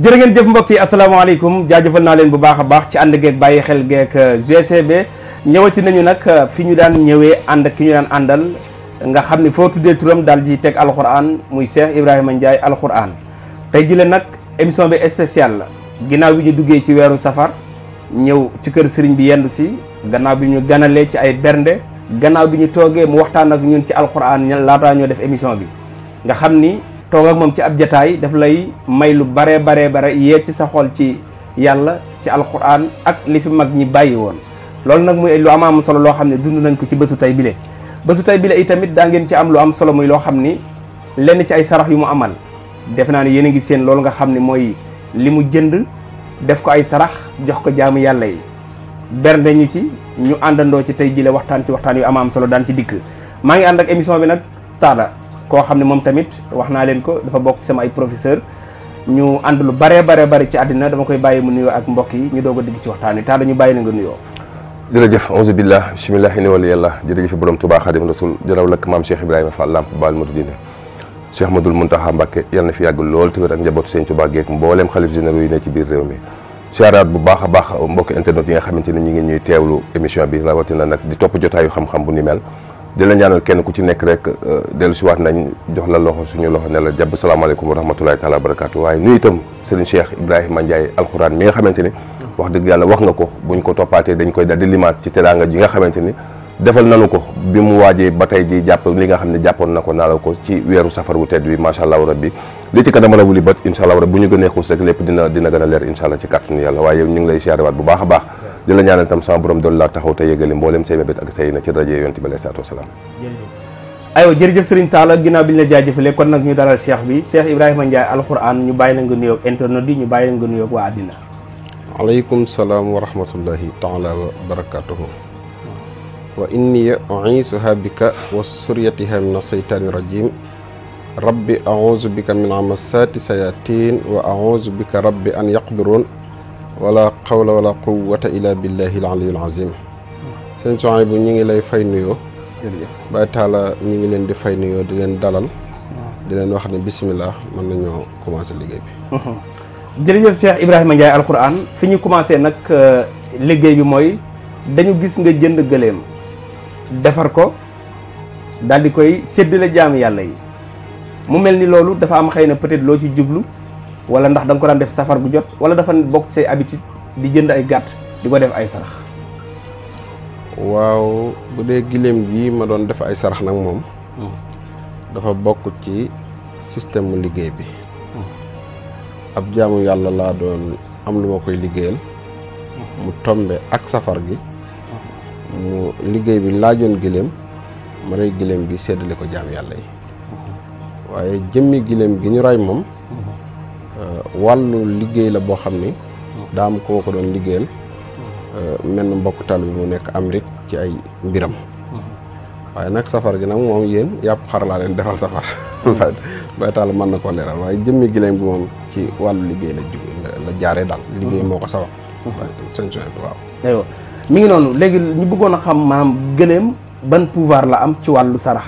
jërë ngeen jëf mbokk yi asalaamaaleykum jaajëfal naa leen bu baax a baax ci ànd geeg bàyyi xel geeg euh, GCB ñëwati nañu nag euh, fi ñu daan ñëwee ànd ak ki ñu daan àndal nga xam ni foo tuddee turam daal di teg alxuraan muy Cheikh Ibrahima Ndiaye alxuraan tey jii la nag émission bi spéciale la ginnaaw bi ñu duggee ci weeru safar ñëw ci kër sëriñ bi yendu si gannaaw bi ñu ganalee ci ay bernde gannaaw bi ñu toogee mu waxtaan ak ñun ci alxuraan ñan laataa ñoo def émission bi nga xam ni toog moom ci ab jataay daf lay may lu baree baree bare yee ci sa xol ci yàlla ci alquran ak li fi mag ñi bàyyi woon loolu nag muy lu am am solo loo xam ne dund nañ ko ci bésu tey bile bésu tey bile itamit daa ngeen ci am lu am solo muy loo xam ni lenn ci ay sarax yu mu amal defe naa ne yéen a ngi seen loolu nga xam ni mooy li mu jënd def ko ay sarax jox ko jaamu yàlla yi bernde ñu ci ñu àndandoo ci tey jile waxtaan ci waxtaan yu am am solo daan ci dikk maa ngi émission bi nag koo xam ne moom tamit wax naa leen ko dafa bokk ci sama ay professeur ñu ànd lu bare bare bari ci àddina dama koy bàyyi mu nuyoo ak mbokk yi ñu doo a digg ci waxtaan wi taala ñu bàyyi la nga nuyoo jërëjëf auzu billah bisimilah ini wali yàlla jërëjëf borom Tuubaa Xaadimu Rasuul jaraw lakk maam Cheikh Ibrahima Fall lamp baal matu dina Cheikh Madul Muntaxa Mbàkke yàlla na fi yàggul lool te wér ak njabootu seen Tuubaa geek mbooleem xalif généraux yi ne ci biir réew mi siyaaraat bu baax a baax mbokki internet yi nga xamante ni ñu ngi ñuy teewlu émission bi rawatina nag di topp jotaayu xam-xam bu ni mel di la kenn ku ci nekk rek euh, dellu si waat nañ jox la loxo suñu loxo ne la jàpp salaamaaleykum wa rahmatulahi taala wa barakaatu waaye nuyu itam Serigne Cheikh Ibrahima Ndiaye alxuraan mi nga xamante ni wax dëgg yàlla wax nga ko bu ñu ko toppaatee dañ koy daal di limaat ci teraanga ji nga xamante ni defal nanu ko bi mu waajee ba tey ji jàpp li nga xam ne jàppoon na ko naa la ko ci weeru safar wu tedd bi macha allah rabbi li ci kanam rawuli bët incha allah rabbi ñu a leer incha allah ci lay siyaare waat bu baax a di la tam sama borom doon laa taxaw te yeggali mboolem say mébét ak say na ci rajo yonent bi alayhi salaatu wasalaam aywa jërëjëf Serigne Talla ginnaaw bi ñu la jaajëfalee kon nag ñu dalal cheikh bi cheikh Ibrahima Ndiaye alquran ñu bàyyi la nga nuyoo ak internet yi ñu bàyyi la nga nuyoo ak waa àddina aleykum salaam wa rahmatullahi taala wa barakatuhu wa inni u'isuha bika wa suryatiha min aseytaani rajim rabbi a'uuzu bika min amasati sayatin wa a'uuzu bika rabbi an yaqduroon wala xawla wala quwwata illa billahi al aliyul azim sëñ soxna bu ñu ngi lay fay nuyoo Baay Taala ñu ngi leen di fay nuyoo di leen dalal di leen wax ne bisimilah mën nañoo commencé liggéey bi mhm. jërëjëf Cheikh Ibrahima Ndiaye alquran fi ñu commencé nag euh, liggéey bi mooy dañu gis nga jënd gëleem defar ko daal di koy séddale jaami yàlla yi mu mel ni loolu dafa am xëy na peut-être loo ci jublu wala ndax danga ko daan def safar gu jot wala dafa bokk say habitude di jënd ay gàtt di ko def ay sarax waaw bu dee giléem gi ma doon def ay sarax nag moom hmm. dafa bokk ci système mu liggéey bi hmm. ab jaamu yàlla laa doon am lu ma koy liggéeyal hmm. mu tombe ak safar gi mu liggéey bi laajoon giléem ma rey giléem gi séddale ko jaam yàlla yi waaye jëmmi giléem gi ñu rey moom wàllu liggéey la boo xam ni hmm. daa koo ko doon liggéeyal hmm. euh, mel na mbokk tal bi nekk Amérique ci ay mbiram hmm. waaye nag safar gi nag moom yéen yàpp xar laa defal safar bay taal mën na ko leeral waaye jëmmi gileem bi moom ci wàllu liggéey la jaaree daal liggéey moo ko sawar sëñ ngi noonu léegi ñu bëggoon a xam maanaam gëléem ban pouvoir la am ci wàllu sarax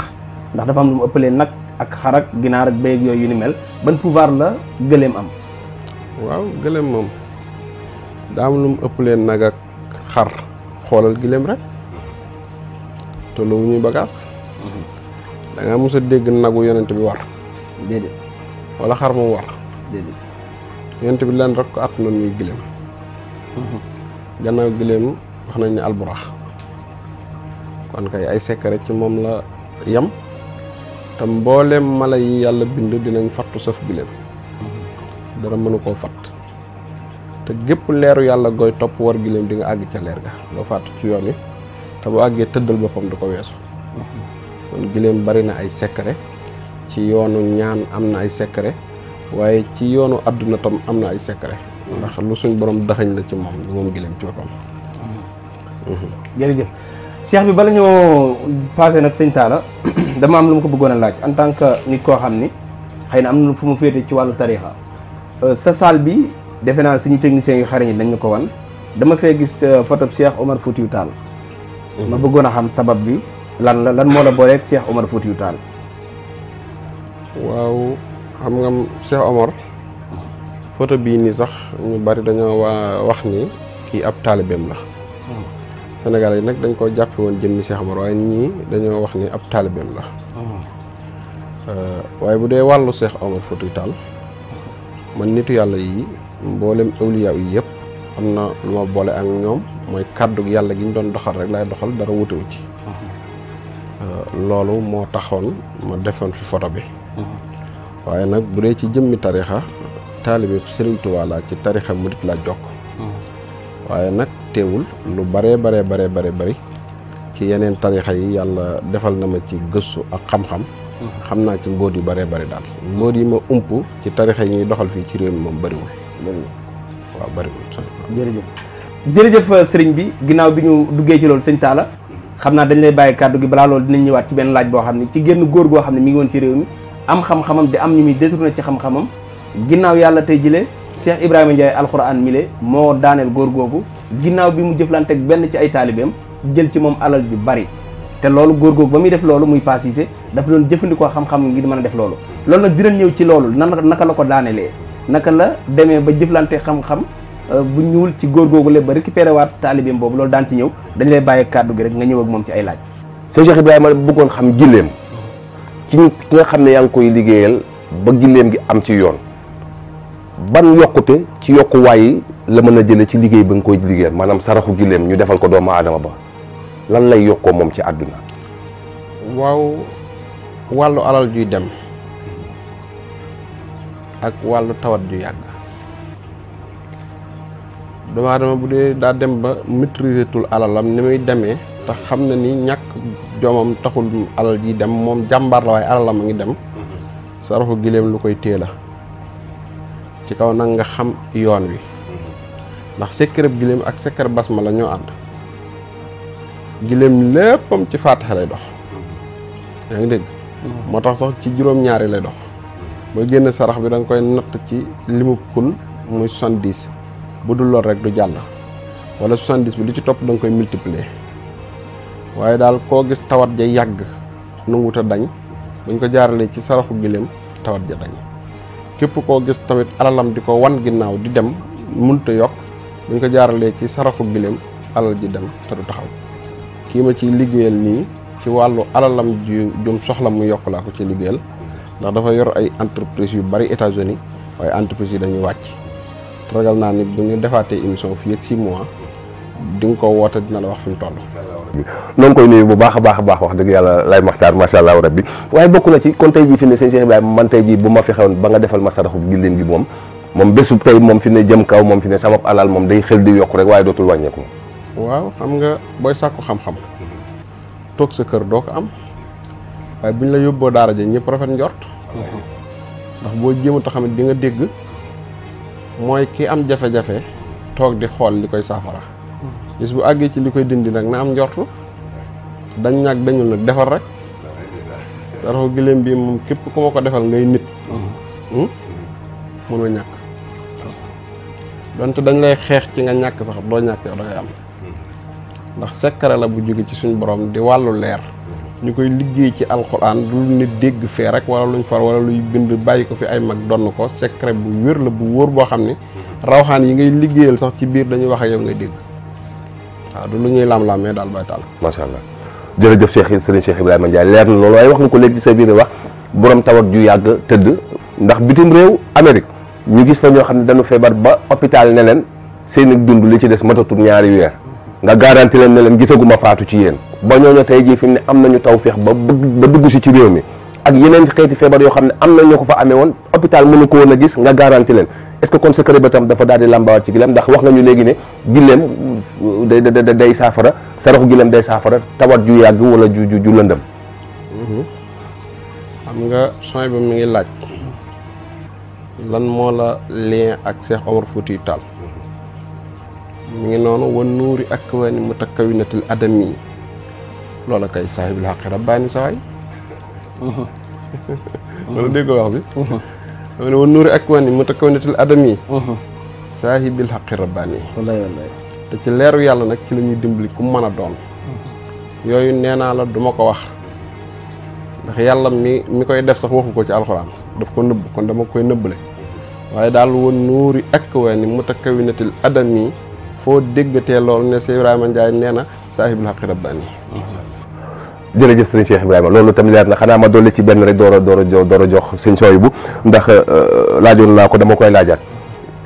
ndax dafa am lu mu ëppalee nag ak xar ginaar ak béy ak yooyu ni mel ban pouvoir la gëléem am waaw gëléem moom daa am lu mu ëpp leen nag ak xar xoolal gëléem rek tollu ñuy bagaas mhm. da nga mos a dégg nagu yonent bi war déedéet xar mu war déedéet yonent bi leen rek ko at noonu muy gëléem mhm. gannaaw gëléem wax nañ ne alburax kon kay ay secret ci moom la yam te mboolem mala yi yàlla bind dinañ fattu saf gëléem dara mënu koo fatt te gépp leeru yàlla gooy topp war giléem di nga àgg ca leer ga nga fàttu ci yoon wi te bu àggee tëddal boppam du ko weesu kon giléem bari na ay secret ci yoonu ñaan am na ay secret waaye ci yoonu àdduna tam am na ay secret ndax lu suñ borom daxañ la ci moom lu moom giléem ci boppam jërëjëf bi bala ñoo passé nag sëñ Talla dama am lu ma ko bëggoona laaj en tant que nit koo xam ni xëy na am na fu mu féete ci wàll tarixa Euh, sa salle bi defe naa suñu techniciens yu xarañ dañ ñu ko wan dama fee gis euh, photo Cheikh Omar Foutiou Tall. Mhm. ma bëggoon a xam sabab bi lan la lan moo la booleeg Cheikh Omar Foutiou Tall. waaw xam nga Cheikh bii nii sax ñu bari dañoo waa wax ni kii ab taalibeem la. Mhm. senegal yi nag dañ koo jàppe woon jëmmi Cheikh Omar waaye ñii dañoo wax ni ab taalibeem la. Mhm. Euh, waaye bu dee wàllu Cheikh Omar Foutiou man nitu yàlla yi mboolem awliya yi yëpp am na lu ma boole ak ñoom mooy kàddu yàlla gi ñu doon doxal rek lay doxal dara wutewu ci euh, loolu moo taxoon ma defoon fi foto bi waaye nag bu dee ci jëmmi tarixa taalibe Sëriñ Tuubaa laa ci tarixa murit laa jokk waaye nag teewul lu bare bare bare bare bari ci yeneen tarixa yi yàlla defal na ma ci gëstu ak xam-xam xam naa ci mbóot yu bëree bëri daal mbóot yi ma ump ci tarixa yi ñuy doxal fii ci réew mi moom bëriwul bëriwul waaw bëriwul jërëjëf jërëjëf euh, sëriñ bi ginnaaw bi ñu duggee ci loolu sëñ Talla xam naa dañ lay bàyyi kàddu gi balaa loolu dinañ ñëwaat ci benn laaj boo xam ne ci génn góor goo xam ne mi ngi woon ci réew mi am xam-xamam di am ñu muy na ci xam-xamam ginnaaw yàlla tey jile seex Ibrahima Ndiaye alxuraan mile moo daaneel góor googu ginnaaw bi mu jëflanteeg benn ci ay jël ci moom alal ju bari te loolu góor googu ba muy def loolu muy passé dafa doon jëfandikoo xam-xam ngir mën a def loolu loolu nag dinañ ñëw ci loolu nan naka la ko daanelee naka la demee ba jëflante xam-xam euh, bu ñuul ci góor googu la ba récupéré waat taalibeem boobu loolu daan ci ñëw dañu lay bàyyi kàddu gi rek nga ñëw ak moom ci ay laaj sëñ Cheikh Ibrahima bëggoon xam gilleem ci ki nga xam ne yaa ngi koy liggéeyal ba gilleem gi am ci yoon ban yokkute ci yokkuwaay la mën a jële ci liggéey ba nga koy liggéeyal maanaam saraxu gilleem ñu defal ko doomu aadama ba lan lay yokkoo moom ci àdduna waaw wàllu alal juy dem ak wàllu tawat ju yàgg doomu aadama bu dee daa dem ba maîtriser tul alalam ni muy demee tax xam na ni ñàkk jomam taxul alal ji dem moom jàmbaar waaye alalam a ngi dem mm-hmm. saraxu gileem lu koy téela ci kaw nag nga xam yoon wi ndax sekkërëb gileem ak sekkër basma la ñoo ànd gileem léppam ci faataxa lay dox mm-hmm. yaa ngi dégg moo tax sax ci juróom-ñaari lay dox mooy génn sarax bi da nga koy natt ci limu kun muy soixante-dix bu dul lool rek du jàll wala soixante-dix bi du ci topp da koy multiplier waaye daal koo gis tawat ja yàgg nanguta dañ buñ ko jaaralee ci saraxu gileem tawat ja dañ képp koo gis tamit alalam di ko wan ginnaaw di dem mënut a yokk buñ ko jaaralee ci saraxu gileem alal ji dem te du taxaw kii ma ciy liggéeyal nii ci wàllu alalam ju jum soxla mu yokk laa ko ci liggéeyal ndax dafa yor ay entreprise yu bari États-Unis waaye entreprise yi dañuy wàcc ragal naa ni bu ñu defaatee émission fii ak six mois di nga ko woote dina la wax fi mu toll. noo ngi koy nuyu bu baax a baax baax wax dëgg yàlla lay maxtaar macha allah rabbi waaye bokk na ci kon tey jii fi ne sëñ Cheikh Ibrahima man tey jii bu ma fexewoon ba nga defal ma saraxu gilleen gi moom moom bésu tey moom fi ne jëm kaw moom fi ne sama alal moom day xel di yokku rek waaye dootul wàññeeku. waaw xam nga booy sàkku xam toog sa kër doo ko am waaye bu ñu la yóbboo daara ja ñëpp rafet njort ndax boo jéemut a xam ne di nga dégg mooy ki am jafe-jafe toog di xool li koy saafara gis bu àggee ci li koy dindi nag na am njortu dañ ñàkk dañul nag defal rek daraxu giléem bi moom képp ku ko defal ngay nit hmm? mënoo ñàkk donte dañ lay xeex ci nga ñàkk sax doo ñàkk yow da ngay am ndax sekkare la bu jógee ci suñu borom di wàllu leer ñu koy liggéey ci alxuraan lu ne dégg fee rek wala luñ far wala luy bind bàyyi ko fi ay mag donn ko sekkare bu wér la bu wóor boo xam ne rawxaan yi ngay liggéeyal sax ci biir dañuy waxee ak yow ngay dégg waaw du lu ñuy lam-lammee daal bay taal macha allah jërëjëf Cheikh Serigne Cheikh Ibrahima Ndiaye leer na loolu waaye wax nga ko léegi ci sa biir wax borom tawat ak ju yàgg tëdd ndax bitim réew Amérique ñu gis fa xam ne dañu feebar ba hôpital ne leen seen dund li ci des matatul ñaari weer nga garanti leen ne leen gisaguma faatu ci yéen ba ñooñu tey jii fi mu ne am ñu tawféex ba ba dugg si ci réew mi ak yeneen xeeti feebar yoo xam ne am nañu ko fa amee woon hôpital mënu ko woon a gis nga garanti leen est-ce que kon sa kër ba tam dafa daal di làmbaawaat ci gileem ndax wax nga ñu léegi ne gileem euh, day day day saafara saraxu gileem day saafara tawat ju yàgg wala ju ju ju lëndëm. Mhm. xam nga sooy ba mi ngi laaj lan moo la lien ak Cheikh Omar Fouti mu ngi noonu wan nuuri ak wani mu takkawinatil adam yi loola kay saahibul xaqi rabbaani sawaay wala mhm. dégg ko wax bi dama mhm. ne wan nuuri mu takkawinatil adam te ci leeru yàlla nag ci la ñuy dimbali ku mën a doon mhm. yooyu nee naa la duma ko wax ndax yàlla mi mi koy def sax waxu ko ci alxuraan daf ko nëbb kon dama koy nëbbale waaye daal wan nuuri ak wani mu takkaw natil foo déggatee loolu ne Cheikh Ibrahima Ndiaye nee na saahibul haqi rabbani jërëjëf sëriñ Cheikh Ibrahima loolu tamit leer na xanaa ma dolli ci benn rek door a door a a jox sëñ sooy bu ndax euh, laajoon naa ko dama koy laajaat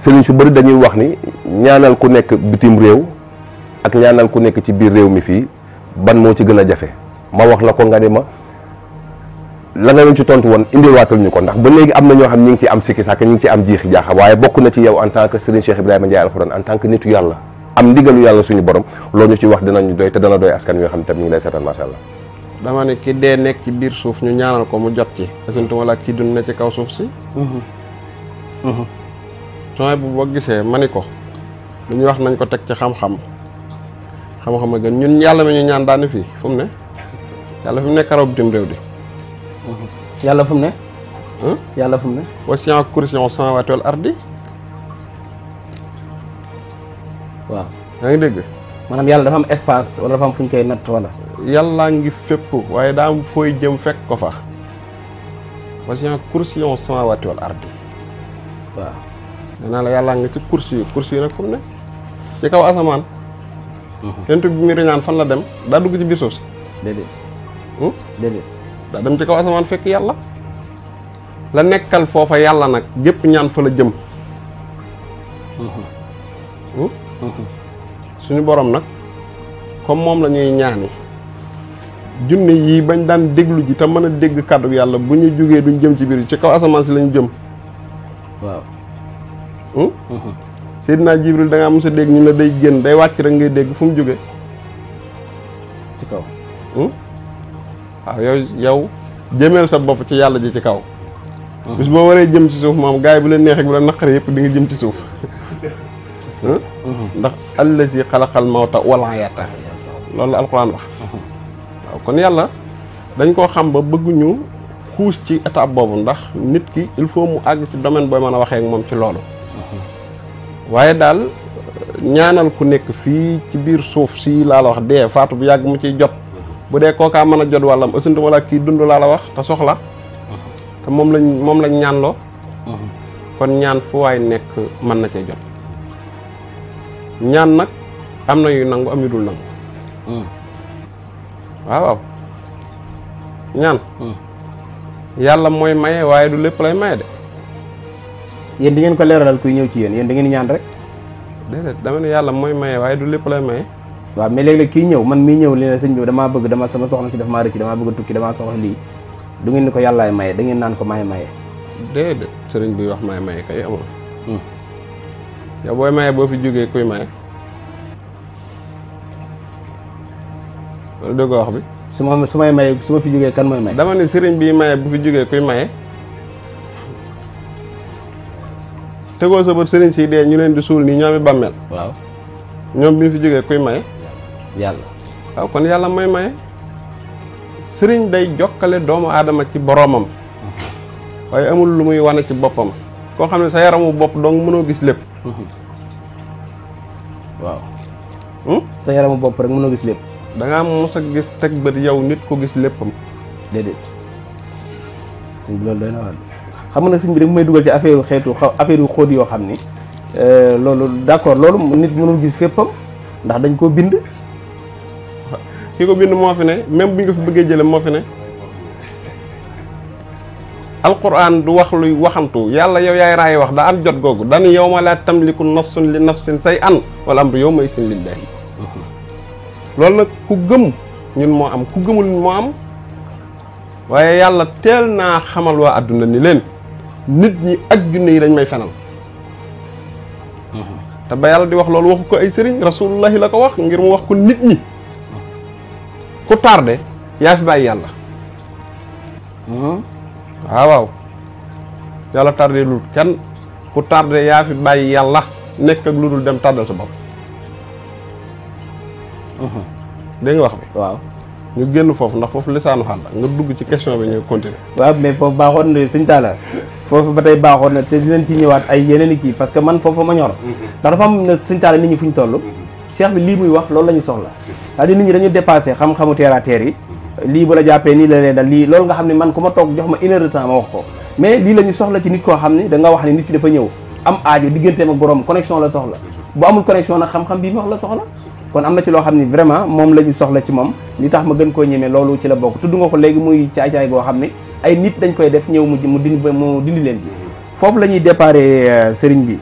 sëriñ su bëri dañuy wax ni ñaanal ku nekk bitim réew ak ñaanal ku nekk ci biir réew mi fii ban moo ci gën a jafe ma wax la ko nga ne ma la nga leen ci tontu woon indiwaatal ñu ko ndax ba léegi am na ñoo xam ñi ci am sikki sàkk ñi ci am jiixi am ndigalu yàlla suñu borom loolu ñu ci wax dina ñu doy te dana doy askan wi xam ne tam ñu ngi lay seetaan macha allah. dama ne ki dee nekk ci biir suuf ñu ñaanal ko mu jot ci. asantuma la ak ki dund na ci kaw suuf si. sooy mhm. mhm. bu boo gisee ma ni ko lu ñuy wax nañ ko teg ci xam-xam xam-xam a gën ñun yàlla mi ñu ñaan daani fii fu ne mhm. yàlla fu mu ne karaw bitim réew di yàlla fu mu ne yàlla ardi waaw yaa ngi dégg maanaam yàlla dafa am espace wala dafa am fu ñu koy natt wala yàllaa ngi fépp waaye daa fooy jëm fekk ko fa wasi'a kursiyyuhu samaawaati wal ardi waaw nee naa la yàllaa nga ci kursi yi kursi yi nag fu ne ci kaw asamaan yent bi mu riñaan fan la dem daa dugg ci biir suuf si hmm? daa dem ci kaw asamaan fekk yàlla la nekkal foofa yàlla nag gépp ñaan fa la jëm mhm. hmm? suñu boroom nag comme moom lañuy ñuy ñaani junne yi bañ daan déglu ji te mën a dégg kàddu yàlla bu ñu jógee duñ jëm ci biir yi ci kaw asamaan si lañu jëm waaw hmm? Seydina Jibril da nga mos a dégg ñu la day génn day wàcc rek ngay dégg fu mu jógee ci kaw waaw hmm? ah, yow yow jëmeel sa bopp ci yàlla ji ci kaw bis boo waree jëm ci suuf moom gars yi bu leen neexee bu la naqare yëpp di nga jëm ci suuf hmm? Mhm. ndax allazi xalaqal mawta wal hayata loolu la alxuraan wax mhm. waaw kon yàlla dañ koo xam ba bëgguñu xuus ci étape boobu ndax nit ki il faut mu àgg ci domaine booy mën a waxee ak moom ci loolu mhm. waaye daal ñaanal ku nekk fii ci biir suuf si laa la wax dee faatu bu yàgg mu ciy jot bu dee kookaa mën a jot wàllam ausuntu wala kii dund laa la wax te soxla te moom lañ moom lañ ñaanloo kon ñaan fu waay nekk mën na cee jot ñaan nag am na yu nangu am yu dul nangu. Hmm. ñaan. Hmm. yàlla mooy maye waaye du lépp lay maye de. yéen di ñeen ko leeralal kuy ñëw ci yéen yéen da ngeen ñaan rek. déedéet dama ne yàlla mooy maye waaye du lépp lay maye. waaw mais léeg kii ñëw man mi ñëw li ne sëñ bi damaa bëgg dama sama soxna si daf maa rëcc damaa bëgg tukki damaa soxla lii du ngeen ni ko yàllaay maye da ngeen naan ko maay maye. déedéet sëriñ bi wax maay maye kay amul. Hmm. yow booy maye boo fi jógee kuy maye loolu dëgg bi su ma su may maye su ma fi jógee kan mooy maye dama ne sëriñ bii maye bu fi jógee kuy maye tegoo sa bët sëriñ si dee ñu leen di suul nii ñoomi bàmmeel waaw ñoom bi fi jógee kuy maye yàlla waaw kon yàlla mooy maye sëriñ day jokkale doomu aadama ci boroomam mm-hmm. waaye amul lu muy wane ci boppam koo xam ne sa yaramu bopp dong mënoo gis lépp Mhm. waaw. Hmm? sa yaramu bopp rek mën a gis lépp. da ngaa mos gis teg bët yow nit ko gis léppam. déedéet. loolu doy na waar xam nga nag suñ bi rek may dugal ci affaire xeetu xaw affaire yu xóot yoo xam ni euh, loolu d' accord loolu nit mënul gis féppam ndax dañ koo bind. ki ko bind moo fi ne même bu ñu ko fi bëggee jëlee moo fi ne. alquran du wax luy waxantu yàlla yow yaay raay wax daa am jot googu danu yow ma laa tamliku nafsun li nafsin say an wala amru yow ma isin lillahi loolu nag ku gëm ñun moo am ku gëmul moo am waaye yàlla teel naa xamal waa àdduna ni leen nit ñi ak junne yi dañ may fenal te ba yàlla di wax loolu waxu ko ay sëriñ rasulullahi la ko wax ngir mu wax ko nit ñi ku tardé yaa fi bàyyi yàlla waaw ah, waaw yàlla tardé lul kenn ku tardé yaa fi bàyyi yàlla nekk ak lu dul dem tardal sa bopp. Mhm. dégg wax bi waaw. ñu génn foofu ndax foofu lisaanu xaal nga dugg ci question bi ñu continuer waaw mais foofu baaxoon na suñ taala foofu ba tey baaxoon na te dinañ ci ñëwaat ay yeneen i kii parce que man foofu ma ñor mhm. ndax dafa am na suñ taala nit ñi fu ñu toll mhm. cheikh bi lii muy wax loolu la ñu soxla c'est-à-dire nit ñi dañu dépassé xam-xamu terre yi lii bu la jàppee nii la lee dal lii loolu nga xam ne man ku ma toog jox ma une heure de temps ma wax ko mais lii la soxla ci nit koo xam ne danga wax ne nit ki dafa ñëw am aajo digganteem ak borom connexion la soxla bu amul connexion nag xam-xam bii ma wax la soxla kon am na ci loo xam ne vraiment moom la ñu soxla ci moom li tax ma gën koo ñemee loolu ci la bokk tudd nga ko léegi muy caay-caay goo xam ne ay nit dañ koy def ñëw mu mu dindi mu dindi leen bi foofu la ñuy déparé euh, sëriñ bi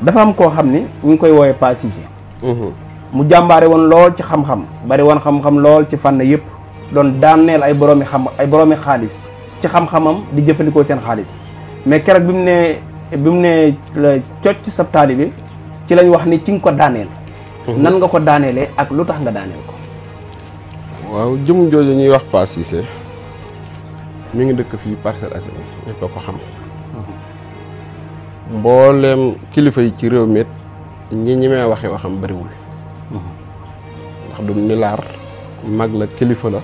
dafa am koo xam ni ñu ngi koy woowee Pape Cissé mm-hmm. mu jàmbaare woon lool ci xam-xam bari woon xam-xam lool ci fànn yëpp doon daaneel ay boroomi xam ay boroomi xaalis ci xam-xamam di jëfandikoo seen xaalis mais keroog bi mu ne bi mu ne cocc sab taali bi ci lañu wax ni ci nga ko daaneel mhm. nan nga ko daaneelee ak lu tax nga daaneel ko waaw jëm jooju ñuy wax Pa Cissé mi ngi dëkk fii Parcelles Assainies ñëpp a ko xam mhm. mbooleem kilifa yi ci réew mi ñi ñi may waxe waxam bëriwul mhm. ndax du milaar mag la kilifa la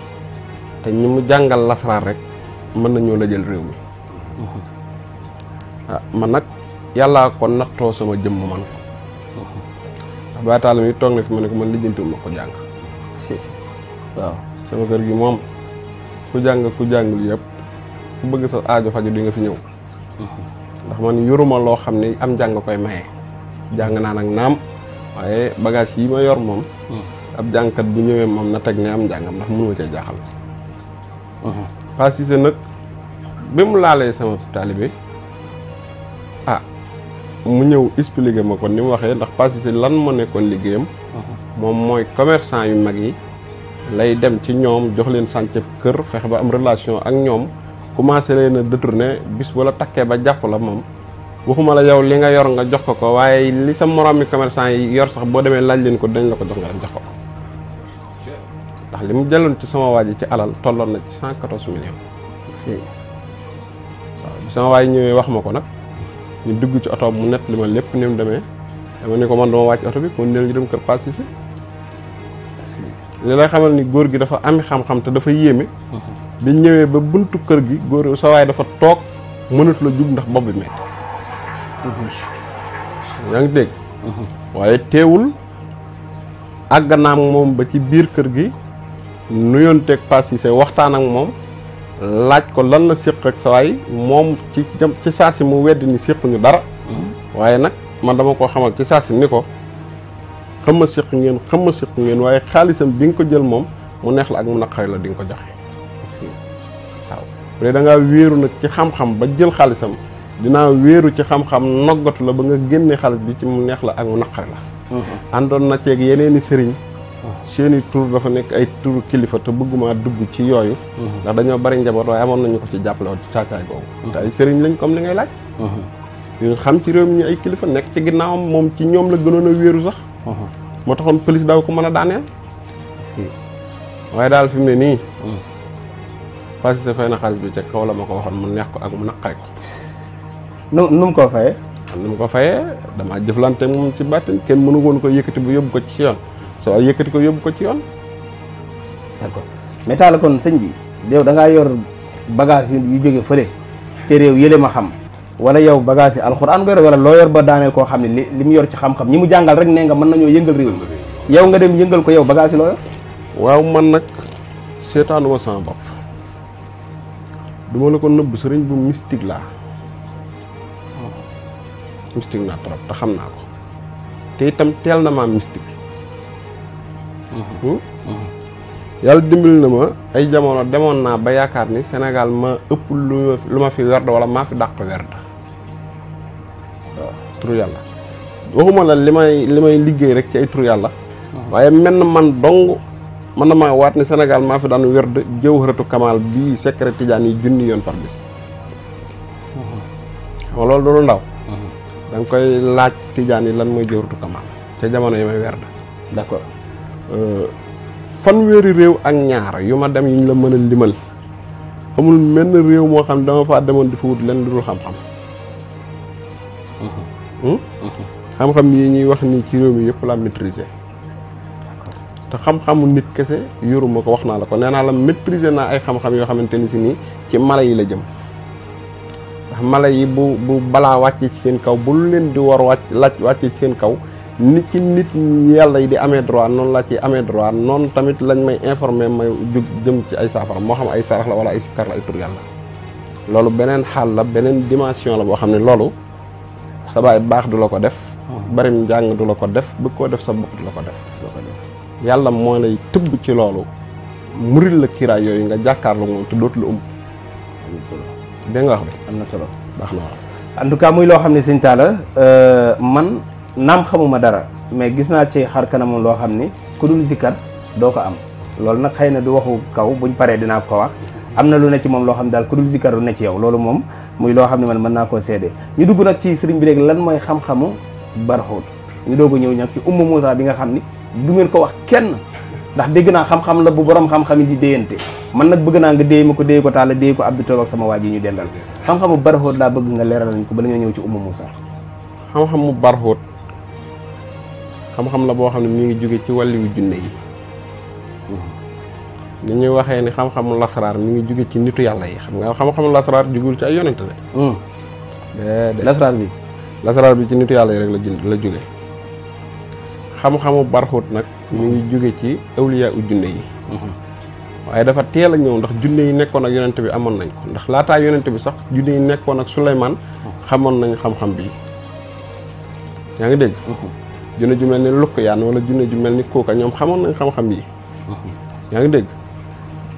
te ñi mu jàngal lasaraar rek mën nañoo la jël réew mi ah man nag yàllaa kon nattoo sama jëmm man ko ndax Baay mi toog na fi ma ne ko man lijjantiwu ma ko jàng waaw sama kër gi moom ku jàng ku jàngul yépp ku bëgg sa aajo faju di nga fi ñëw ndax man yoruma loo xam ne am jàng koy maye jàng naa nag naam waaye bagage yi ma yor moom hmm. ab jàngkat bu ñëwee moom na teg ne am jàngam ndax mënuma cee jaaxal Pa Cissé nag bi mu laalee sama taalibe ah mu ñëw expliqué ma ko ni mu waxee ndax Pa lan moo nekkoon liggéeyam. moom mooy commerçant yu mag yi lay dem ci ñoom jox leen sànce kër fexe ba am relation ak ñoom commencé leen a détourné bis bu la takkee ba jàpp la moom. waxuma la yow li nga yor nga jox ko ko waaye li sa moroomi commerçant yi yor sax boo demee laaj leen ko dañ la ko jox nga jox ko ko. ndax li mu jëloon ci sama waa ji ci alal tolloon na ci cent quatorze millions. waaw bi sama waa ji ñëwee wax ma ko nag ñu dugg ci oto mu nett li ma lépp ni demee dama ne ko man dama wàcc oto bi kon neel ñu dem kër Paal Cissé li lay xamal ni góor gi dafa ami xam-xam te dafa yéeme. Mm-hmm. biñ ñëwee ba buntu kër gi góor sa waaye dafa toog mënatu la jug ndax bopp bi metti. Mm-hmm. yaa ngi dégg. Mm-hmm. waaye teewul àgg naa moom ba ci biir kër gi. nuyonteeg Pape Cissé waxtaan ak moom laaj ko lan la séq ak sawaay moom ci jëm ci saa si mu weddi ni ñu dara waaye nag man dama ko xamal ci saa si ni ko xam ma séq ngeen xam ma séq ngeen waaye xaalisam bi nga ko jël moom mu neex la ak mu naqari la di nga ko joxe waaw bu dee wéeru nag ci xam-xam ba jël xaalisam dinaa wéeru ci xam-xam noggatu la ba nga génne xaalis bi ci mu neex la ak mu naqari la mhm. àndoon na ceeg yeneen i sëriñ seeni tur dafa nekk ay turu kilifa te bëgguma dugg ci yooyu mhm. ndax dañoo bari njaboot waaye amoon nañu ko ci jàppale woon caacaay googu mhm. lañ comme li ngay laaj ñu mhm. xam ci réew mi ñu ay kilifa nekk ci ginnaawam moom ci ñoom la gënoon a wéeru sax moo taxoon pëlis daa ko mën a daaneel waaye daal fi mu ne nii parce que na xaalis bi ca kaw la ma ko waxoon mu neex ko ak mu naqari ko nu nu mu ko fayee nu mu ko fayee damaa jëflante moom ci bàttin kenn mënu woon ko yëkkati bu yóbbu ko ci yoon sa wàll yëkkati ko yóbbu ko ci yoon. d'accord mais kon sëñ bi yow da ngaa yor bagage yu jóge fële te réew yële ma xam wala yow bagage yi alxuraan nga yor wala loo ba daaneel koo xam ne li li mu yor ci xam-xam ñi mu jàngal rek ne nga mën nañoo yëngal réew mi yow nga dem yëngal ko yow bagaas yi loo waaw man nag seetaanuma sama bopp duma la ko nëbb sëriñ bu mystique laa oh. mystique naa trop te xam naa ko te itam teel na maa mystique. Hm? Hm. yàlla dimbil na ma ay jamono demoon naa ba yaakaar ni Sénégal ma ëpp lu ma fi werd wala maa fi dàq werd waaw tur yàlla waxuma la li may li may liggéey rek ci ay tur yàlla hm. waaye menn man dong mën na maa waat ni Sénégal maa fi daan werd jawharatu kamal bii secret tijaan yi junni yoon par bis xam loolu du lu ndaw da koy laaj tiijaan yi lan mooy jawharatu kamal ca jamono yi may werd d'accord Euh, fanweeri réew ak ñaar yu ma dem yuñ la mën a limal amul menn réew moo xam ne dama faa demoon di fa wut lenn lu dul xam-xam mm-hmm. Hmm? Mm-hmm. xam-xam yi ñuy wax ni ci réew mi yëpp laa maîtriser te xam-xamu nit kese yoruma ko wax naa la ko nee naa la maîtriser naa ay xam-xam yoo xamante ni si nii ci mala yi la jëm mala yi bu bu balaa wàcce ci seen kaw bu leen di war wàcc laaj wàcce ci seen kaw nit ci nit yàlla yi di amee droit noonu laa ci amee droit noonu tamit lañ may informer may jug jëm ci ay saafara moo xam ay sarax la wala ay sikkar la ay tur loolu beneen xaal la beneen dimension la boo xam ne loolu sa baay baax du la ko def barim njàng du la ko def bëgg koo def sa bopp du la ko def yàlla moo lay tëbb ci loolu muril la kiraay yooyu nga jàkkaarloo moom te dootu la um dégg wax bi am na solo baax na waaw muy loo xam ne sëñ Talla euh, man naam xamuma dara mais gis naa ci xar kanamam loo xam ni ku dul zikkar doo ko am loolu nag xëy na du waxu kaw bu buñ paree dinaa ko wax am na lu ne ci moom loo xam ne daal ku dul ci yow loolu moom muy loo xam ne man mën naa koo seede ñu dugg nag ci sëriñ bi rek lan mooy xam-xamu barxóot ñu doog a ñëw ñag ci ummu Moussa bi nga xam ni du ngeen ko wax kenn ndax dégg naa xam-xam la bu borom xam-xam yi di déyante man nag bëgg naa nga déy ko déy ko taala déy ko Abdou Toog ak sama waa ji ñu dendal xam-xamu barxóot laa bëgg nga leeral nañ ko bala ñoo ñëw ci ummu Moussa xam-xamu barxóot xam-xam la boo xam ne mi ngi jóge ci wàlliwu junne yi ni ñuy waxee ni xam-xamu lasraar mi ngi jóge ci nitu yàlla yi xam nga xam-xamu jugul ci ay yonent hmm. bi lasraar bi ci nitu yàlla rek la la jóge xam-xamu barxut nag mu ngi jóge ci awliya u junne yi hmm. waaye dafa teel a ñëw ndax junne yi nekkoon ak yonent bi amoon nañ ko ndax laataa yonent bi sax junne yi nekkoon ak Suleymaan xamoon nañ xam-xam bi yaa ngi dégg hmm. junne ju mel ni lukk yaan wala junne ju mel ni kooka ñoom xamoon nañ xam-xam yi yaa ngi dégg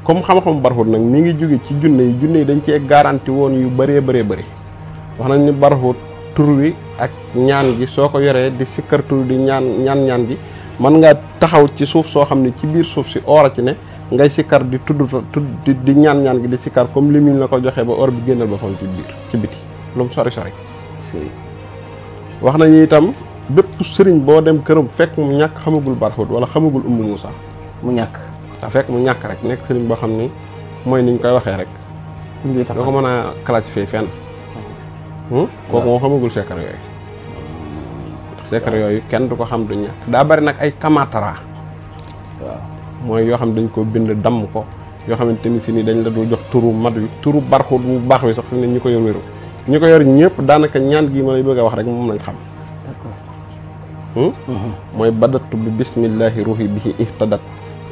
comme xam-xam barxut nag mi ngi jóge ci junne yi junne yi dañ cee garanti woon yu bëree baree bëri wax nañ ni barxut tur wi ak ñaan gi soo ko yoree di sikkar tur di ñaan ñaan ñaan gi mën nga taxaw ci suuf soo xam ne ci biir suuf si or a ci ne ngay sikkar di tudd tudd di ñaan ñaan gi di sikkar comme li ñu la ko joxee ba or bi génnal ba fam ci biir ci biti lu mu sori bépp sëriñ boo dem këram fekk mu ñàkk xamagul barxut wala xamagul ummu Moussa. mu ñàkk te fekk mu ñàkk rek nekk sëriñ boo xam ni mooy ni ñu koy waxee rek. li tax ko mën a classifier fenn. Hmm? Hmm? kooku moo xamagul secret yooyu. secret yooyu kenn du ko xam du ñàkk. daa bari nag ay kamatara. waaw mooy yoo xam dañ ko bind damm ko. yoo xamante ni si nii dañ la dul jox turu mat wi turu barxut bu baax wi sax fi ne ñu ko yor wéru ñi ko yor ñëpp daanaka ñaan gi ma lay bëgg wax rek moom lañ xam. mooy badatu bi bismillahi ruuhi bihi ihtadat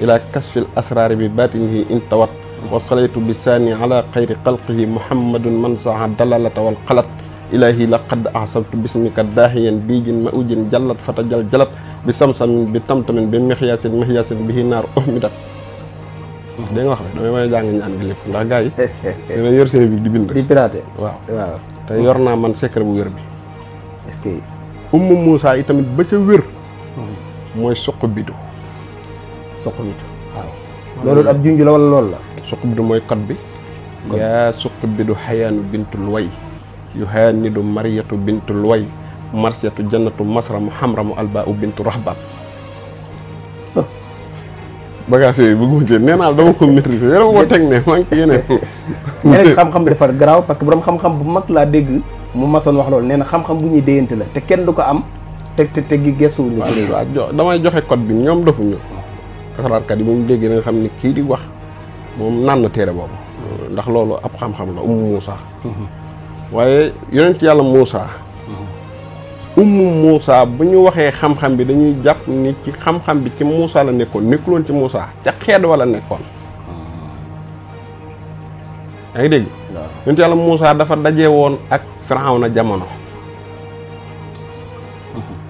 ila kasfil asraari bi batinihi intawat wa salaytu bi saani ala xayri xalqihi muhammadun man saha dalalata wal xalat ilahi laqad ahsabtu bismika daahiyan biijin ma ujin jallat fata jal jalat bi samsamin bi tamtamin bi mixyaasin mixyaasin bihi naar uhmidat dégg nga wax damay mën a jàng ñaan gi lépp ndax gars yi dina yor te yor naa man secret bu wér bi ummu Moussa yi tamit ba ca wér. Hmm. mooy suq bidu. suq bidu waaw. loolu ab junj la wala loolu la. suq bidu mooy code bi. yaa suq bidu xayaanu bintu luway. yu xayaan ni du mariyatu bintu luway. marsiyatu jannatu masramu xamramu albaa u bintu rahbab bagage yooyu bëgguma ci nee naa dama ko maîtriser yore ma ko teg ne maa yeneen. yeneen xam-xam dafa garaaw parce que borom xam-xam bu mag laa dégg mu masoon wax loolu nee na xam-xam bu ñuy déyante la te kenn du ko am te te te gi gesuwul ñu ci damay joxe code bi ñoom defuñu kat yi moom dégg na nga xam ne kii di wax moom naan na téere boobu ndax loolu ab xam-xam la um Moussa waaye yonent yàlla Moussa ummu Moussa bu ñu waxee xam-xam bi dañuy jàpp ni ci xam-xam bi ci Moussa la nekkoon nekkuloon ci Moussa ca xeet wala nekkoon. yaa ngi dégg. waaw yonent yàlla Moussa dafa daje woon ak na jamono.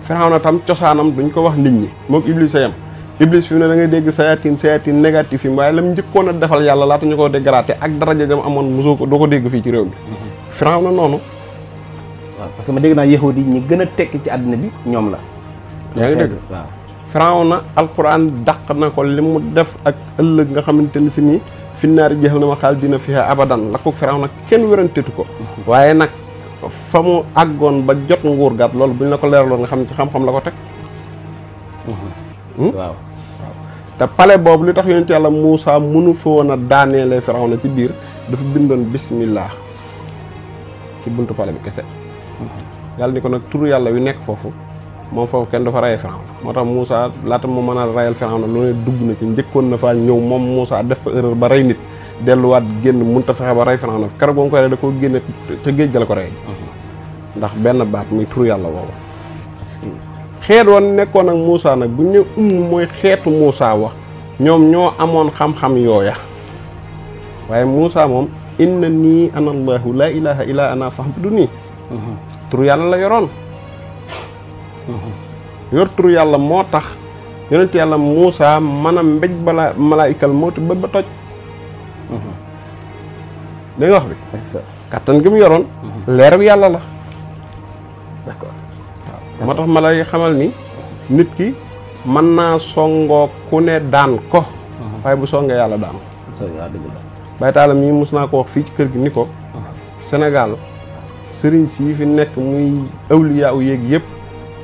Firawna tam cosaanam duñ ko wax nit ñi moom Iblis sa yam Iblis fi mu ne da dégg sayatin sayatin négatif yi waaye lam njëkkoon a defal yàlla laata ñu de dégraté ak daraja jam amoon mosoo ko doo ko dégg fii ci réew mi. Mm-hmm. Firawna noonu. parce que ma dégg naa yahudi ñu gën a tekki ci àddina bi ñoom la. yaa ngi dégg waaw. firaw na alquran dàq na ko li mu def ak ëllëg nga xamante ni si nii fi naari jeexal na ma xaal dina fi abadan la ko firaw na kenn wérantetu ko. waaye nag fa mu àggoon ba jot nguur gaat loolu buñ la ko leeraloon nga xam ci xam-xam la ko teg. Hmm? te pale boobu li tax yooyu yonent yàlla Moussa mënu fa woon a daaneele firaw na ci biir dafa bindoon bismillah ci buntu pale bi kese. yàlla ni ko nag turu yàlla wi nekk foofu moom foofu kenn dafa rayee Firawna moo tax muusaa laata mu mën a rayal Firawna lu ne dugg na ci njëkkoon na a ñëw moom muusaa def fa erreur ba rey nit delluwaat génn mënut a fexe ba rey Firawna keroog boo ko rey génne te géej gala ko rey ndax benn baat muy turu yàlla woowu xeet woon nekkoon ak muusaa nag bu ñu umm mooy xeetu Moussa wax ñoom ñoo amoon xam-xam yooya waaye Moussa moom inna nii ana allahu laa ilaha illa Mhm. turu yàlla la yoroon mhm. yor turu yàlla moo tax yonent yàlla Muusa mën a mbéj bala malaayikal mawti ba ba toj mhm. da nga wax bi kattan gi mu yoroon leeru yàlla la moo tax ma lay xamal ni nit ki mën naa songoo ku ne daan ko waaye bu songee yàlla daan ko baytaalam yi mos naa ko wax fii ci kër gi ni ko Sénégal sëriñ si yi fi nekk muy awliyaa u yéeg yëpp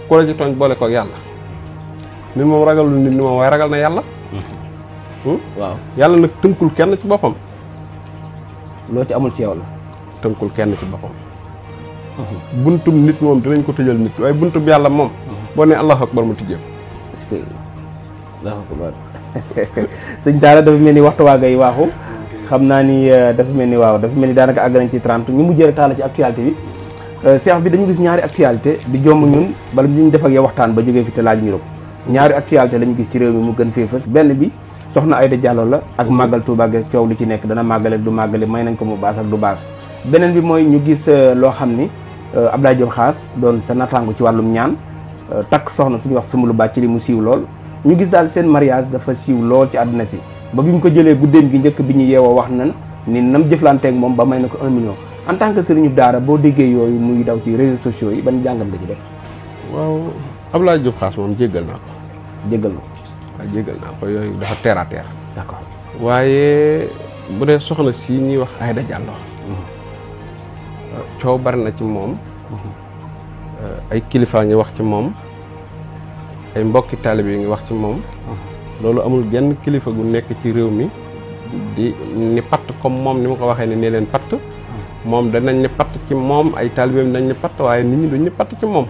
ku la ci tooñ boole koog yàlla nit moom ragalul nit ni moom waaye ragal na yàlla hmm? waaw yàlla nag tënkul kenn ci boppam loo ci amul ci yow la tënkul kenn ci boppam hmm. buntum nit moom dinañ ko tëjal nit waaye buntum yàlla moom hmm. boo ne allahu akbar mu tijjee ko allahu akbar dafa mel ni waxtu waa yi waaxu xam naa ni euh, dafa mel ni waaw dafa mel ni daanaka àgg nañ ci 30 ñu mujjee rek taal ci actualité bi euh, Cheikh bi dañu gis ñaari actualité di jomm ñun bala ñu def ak yow waxtaan ba jógee fi te laaj ñu ko ñaari actualité lañu gis ci réew mi mu gën benn bi soxna Aïda Diallo la ak màggal Touba ge coow li ci nekk dana màggale du màggale may nañ ko mu baas ak du beneen bi mooy ñu gis euh, loo xam ni Abdoulaye Diop Xaas doon sa nattaango ci wàllum ñaan takk soxna suñu wax sumbalu bàcc li mu siiw lool ñu gis daal seen mariage dafa siiw lool ci àdduna si ba bi mu ko jëlee guddeem gi njëkk bi ñu yeewoo wax na ni nam jëflanteeg moom ba may na ko un million en tant que ñu daara boo déggee yooyu muy daw ci réseaux sociaux yi ban jàngat la ci def. waaw Abdoulaye Diop Khass moom naa ko. yooyu dafa terre à waaye bu dee soxna si ñuy wax Aïda Diallo. coow bari na ci moom. Mhm. ay kilifaa ngi wax ci moom. ay mbokki taalibe yi ngi wax ci moom. Mhm. loolu amul genn kilifa gu nekk ci réew mi di ni patt comme moom ni ma ko waxee ne nee leen patt moom danañ ni patt ci moom ay taalibeem dañ ni patt waaye nit ñi duñ ni patt ci moom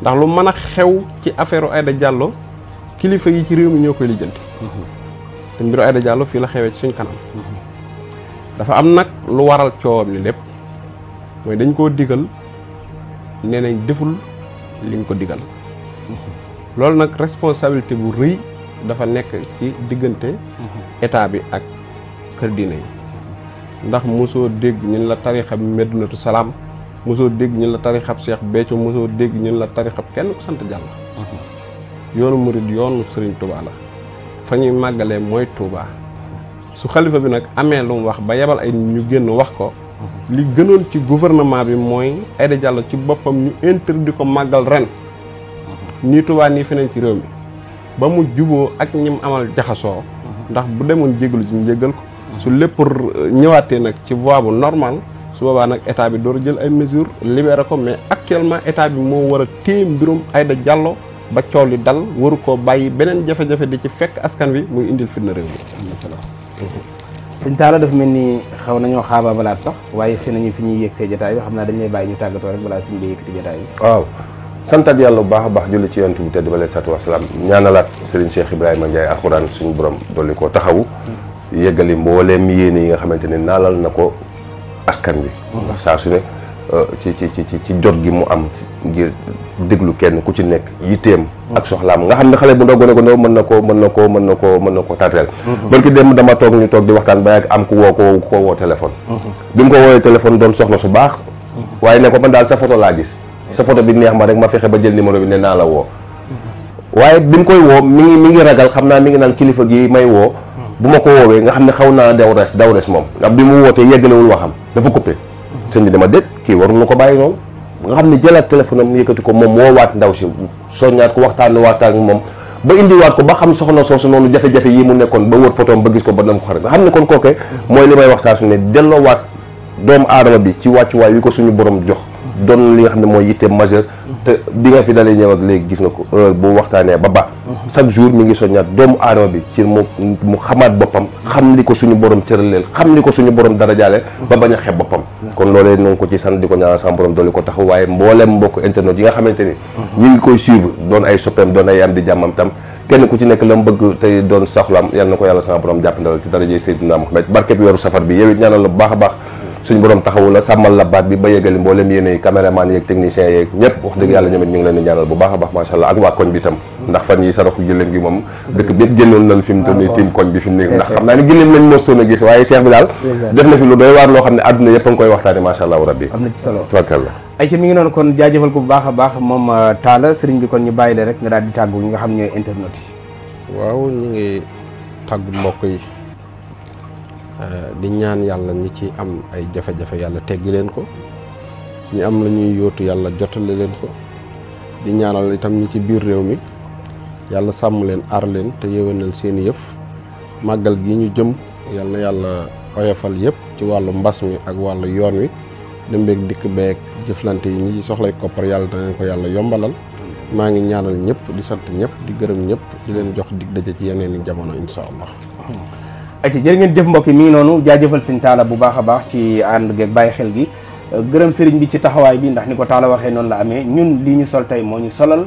ndax lu mën a xew ci affaire Aïda jàlloo kilifa yi ci réew mi ñoo koy lijjanti te mbiru Aïda Diallo fii la xewee ci suñ kanam dafa am nag lu waral coowam li lépp mooy dañ koo digal nee nañ deful liñ ko digal loolu nag responsabilité bu rëy dafa nekk ci diggante état bi ak kër diine yi ndax mosoo dégg ñun la tarixab Medinatu Salaam mosoo dégg ñu la tarixab Cheikh Béthio mosoo dégg ñun la tarixab kenn ku sant Jàll yoonu murid yoonu Sëriñ Tuubaa la fa ñuy màggalee mooy Tuubaa su xalifa bi nag amee lu mu wax ba yebal ay ñu génn wax ko li gënoon ci gouvernement bi mooy Aïda jàll ci boppam ñu interdit ko màggal ren nii Tuubaa nii feneen ci réew mi ba mu juboo ak ñim amal jaxasoo mhm. ndax bu demoon jégalu ci ñu jégal ko mhm. su lépp ñëwaatee nag ci voie bu normal su boobaa nag état bi door a jël ay mesures libéré ko mais actuellement état bi moo war a téye mbirum ayda Diallo ba coow li dal waru koo bàyyi beneen jafe-jafe di ci fekk askan wi muy indil fitna réew mi. suñ taala daf mel ni xaw nañoo xaaba balaat sax waaye si nañu fi ñuy yëg see jotaay bi xam naa dañ lay bàyyi ñu tàggatoo rek balaa suñ bay yëkkati santaat yàlla bu baax a baax julli ci yonent bi tedd ba lay satu wasalaam ñaanalaat Serigne Cheikh a Ndiaye alxuraan suñu borom dolli koo taxawu. yeggali mbooleem yéene yi nga xamante ne naalal na ko askan bi. ndax mm-hmm. saa su ne euh, ci ci ci ci jot gi mu am ngir déglu kenn ku ci nekk yitteem. ak mm-hmm. soxlaam nga xam ne xale bu ndaw gone gone mën na koo mën na ko mën na ko mën na koo tàtteel. Mm-hmm. barki dem dama toog ñu toog di waxtaan ba yàgg am ku woo ko ko woo téléphone. bi mu ko woowee téléphone doon soxna su baax. waaye ne ko man daal sa photo laa gis. sa photo bi neex ma rek ma fexe ba jël numéro bi ne naa la woo waaye bi mu koy woo mi ngi mi ngi ragal xam naa mi ngi naan kilifa gi may woo bu ma ko woowee nga xam ne xaw naa daw res daw res moom ndax bi mu wootee yeggalewul waxam dafa coupé sëñ bi dama ko bàyyi noonu nga xam ne jëlaat téléphone am yëkkati ko moom woowaat ndaw si soññaat ko waxtaan waxtaan moom ba indiwaat ko ba xam soxna soosu noonu jafe-jafe yi mu nekkoon ba wër potoom ba gis ko ba nam ko xare nga xam ne kon kooke mooy li may wax saa su ne delloowaat doomu aadama bi ci wàccuwaay wi ko suñu borom jox doon li nga xam ne mooy yitte majeur te bi nga fi dalee ñëw ak léegi gis nga ko bu waxtaanee ba ba chaque jour mi ngi soññaat doomu aadama bi ci mu mu xamaat boppam xam li ko suñu borom cëraleel xam li ko suñu borom darajaaleel ba bañ a xeeb boppam kon loolee ñu ngi ko ci sant di ko ñaanal sama borom doole ko taxaw waaye mboolem mbokk internet yi nga xamante ni ñu ngi koy suivre doon ay soppeem doon ay am di jàmmam tam kenn ku ci nekk la mu tey doon soxlaam yal na ko yàlla sama borom jàppandalal ci daraje Seydina Muhammad barke bi la bu baax a suñ borom taxawu la sàmmal la baat bi ba yëgali mboolem yéen ay caméraman yeeg techniciens yeeg ñëpp wax dëgg yàlla ñoom it ñu ngi leen ñaanal bu baax a baax macha allah ak waa koñ bi tam ndax fan yi saraxu gëléem gi moom dëkk bépp génnoon nañ fi mu toll nii ah, koñ bi fi mu ndax xam naa ne gëléem lañ mosoon a gis waaye seex bi daal def na fi lu doy waar loo xam ne àdduna yëpp a ngi koy waxtaane macha allah rabbi am na ci solo tabaarkalla ay ci mi ngi noonu a euh, mbokk yi Euh, di ñaan yàlla ñi ci am ay jafe-jafe yàlla teggi leen ko ñi am la ñuy yóotu yàlla jotale leen ko di ñaanal itam ñi ci biir réew mi yàlla sàmm leen aar leen te yéwénal seeni yëf màggal gi ñu jëm yàlla na yàlla oyofal yëpp ci wàllu mbas mi ak wàllu yoon wi dembeeg dikk beeg jëflante yi ñi ci soxlay koppar yàlla danañ ko yàlla yombalal maa ngi ñaanal ñëpp di sant ñëpp di gërëm ñëpp di leen jox dig daje ci yeneen i jamono incha allah ayca jërë ngeen jëf mbokk yi mi ngi noonu jaajëfal sëñ taala bu baax a baax ci ànd geeg bàyyi xel gi euh, gërëm sëriñ bi ci taxawaay bi ndax ni ko taala waxee noonu la amee ñun lii ñu sol tey moo ñu solal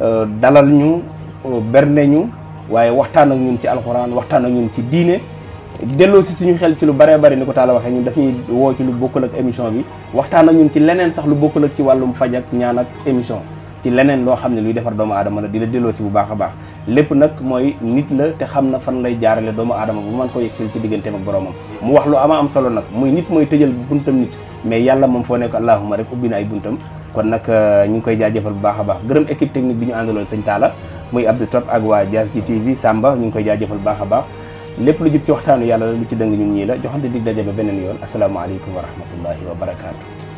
euh, dalal ñu euh, berne ñu waaye waxtaan ak ñun ci alxuraan waxtaan ak ñun ci diine delloo si suñu xel ci lu bare bari ni ko taala waxee ñun daf ñuy woo ci lu bokkul ak émission bi waxtaan ak ñun ci leneen sax lu bokkul ak ci wàllum faj ak ñaan ak émission ci leneen loo xam ne luy defar doomu aadama la di la delloo si bu baax a baax lépp nag mooy nit la te xam na fan lay jaarale doomu aadama bu mën ko yegsil ci digganteem ak boromam mu wax lu ama am solo nag muy nit mooy tëjal buntam nit mais yàlla moom foo nekk allahuma rek ubbi na ay buntam kon nag euh, ñu ngi koy jaajëfal bu baax a baax gërëm équipe technique bi ñu àndaloon sëñ Talla muy Abdou Top ak waa Dias ji TV Samba ñu ngi koy jaajëfal bu baax a baax lépp lu jub ci waxtaanu yàlla la lu ci dëng ñun la joxante dig daje ba beneen yoon asalaamaaleykum wa rahmatullahi wa barakaatu